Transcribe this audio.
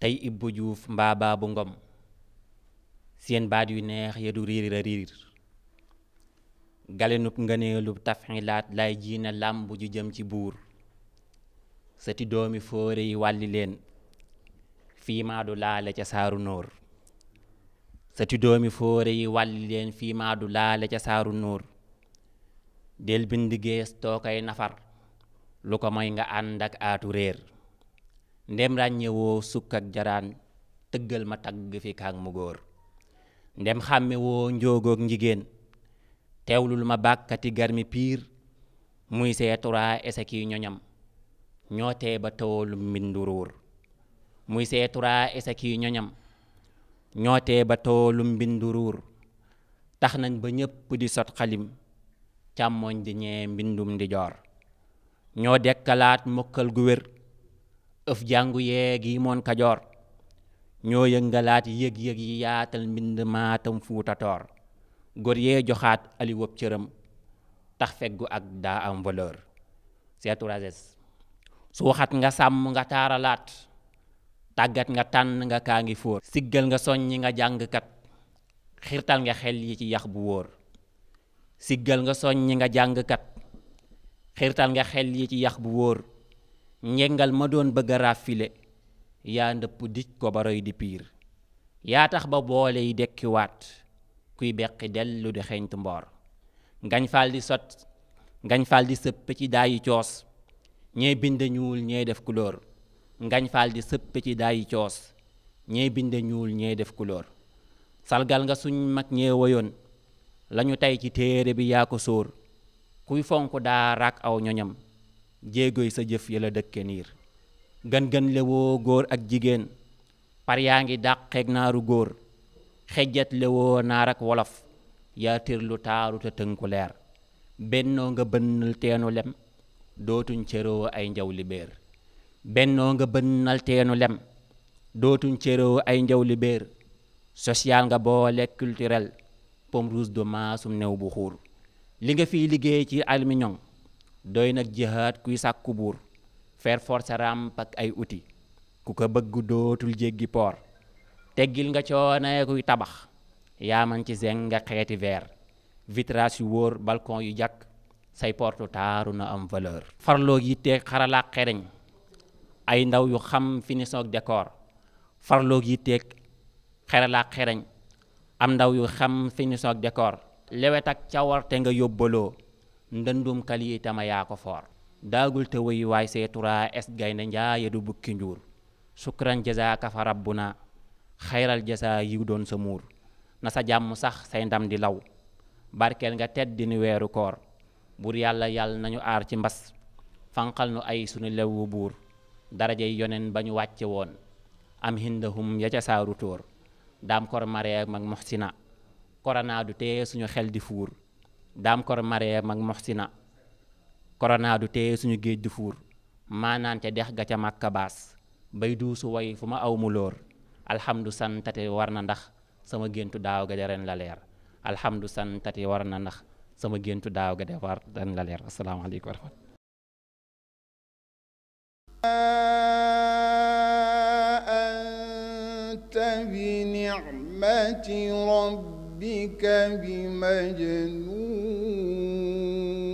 tey Ibbu Juuf mbaa Ngom seen baat yu neex ya du riir a riir galenub ngëneelub tafxilaat lay jiina làmb ju jëm ci buur sati doomi fóore yi wàlli leen fii maa du laale ca saaru nóor yi wàlli leen fii ca saaru nóor del bind gees too koy nafar lu ko mooy nga ànd ak aatu réer ndem ràññewoo sukk ak jaraan tëggal ma tagg fi kaag mu góor ndem xàmmewoo njoogoog njigéen teewlul ma bàkkati garmi piir muy seeturaa eseki ñoñam ñoo tee ba toolu ñoñam ñoo ba toolu mbinduruur tax nañ ba ñépp di sot xalim càmmooñ di ñee mbindum di joor ñoo dekkalaat mokkal gu wér ëf jàngu yeeg yi moon kajoor ñoo yëngalaat yëg-yëg yi yaatal mbind maatam fuuta góor yee joxaat ali cëram tax feggu ak daa am valeur seeturages su waxat nga sàmm nga taaralaat tàggat nga tànn nga kaa ngi fóor siggal nga soññi nga jàngkat xirtal nga xel ci yax bu wóor siggal nga soññi nga jàngkat xirtal nga xel ci yax bu wóor njëngal ma doon bëgg a raafile yaa ndëpp dij ko ba roy di piir yaa tax ba boole yi dekkiwaat kuy beqi dellu di xeeñtu mboor ngañ faal di sot ngañ faal di sëpp ci daayi coos ñee bind ñuul ñee def couleur ngañ faal di sëpp coos ñee bind ñuul ñee def couleur salgal nga suñ mag ñee woyoon lañu tey ci téere bi yaa ko sóor kuy fonk daa raak aw ñoñam jéegoy sa jëf ya la dëkke niir gën-gën góor ak jigéen par yaa ngi dàqeeg naaru góor xejjat lewoo naar ak wolof yaa lu taaru te tënku leer bennoo nga bënnal teenu lem dootuñ cëroo ay njaw li teenu lem dootuñ cëroo ay njaw li béer social nga boole culturel pomme rouge de maasum new bu xuur li nga fiy liggéey ci almiñong doy nag jihaad kuy sàkku buur faire force ramp ak ay outil ku ko bëgg dootul jéggi poor teggil nga coonee tabax yaa man ci zeng nga xeeti verre vitrage yu wóor balkon yu jàkk say portu taaru na am valeur farloo yitte xaralaak xereñ ay ndaw yu xam finition ak décor farloo yitteeg xeralaak xereñ am ndaw yu xam finition ak décor lewet ak cawarte nga yóbbaloo ndëndum kali tama yaa ko foor daagul te wëy waay seeturaa es gaynde njaaya du bukki njuur sukran jaza kafa na xayral jaza yi doon sa muur na sa jàmm sax say ndam di law barkeel nga tedd di ni weeru koor buur yàlla yàlla nañu aar ci mbas fanqal nu ay sunu lewwu buur darajay yonen ba ñu wàcce woon am hindahum ya ca saaru tóor daam kor maree mag moxsina korona du te suñu xel di fuur daam kor maree mag moxsina koronaadu téye suñu géej du fuur maanaan ca dex ga ca màkka baas bay duusu way fu ma aw mu lóor alhamdu santati war na ndax sama géntu daaw ga de ren santati war ndax sama géntu daaw ga de war ren la leer asalaamaaleykum wa rahmatulah rabbika bi majnun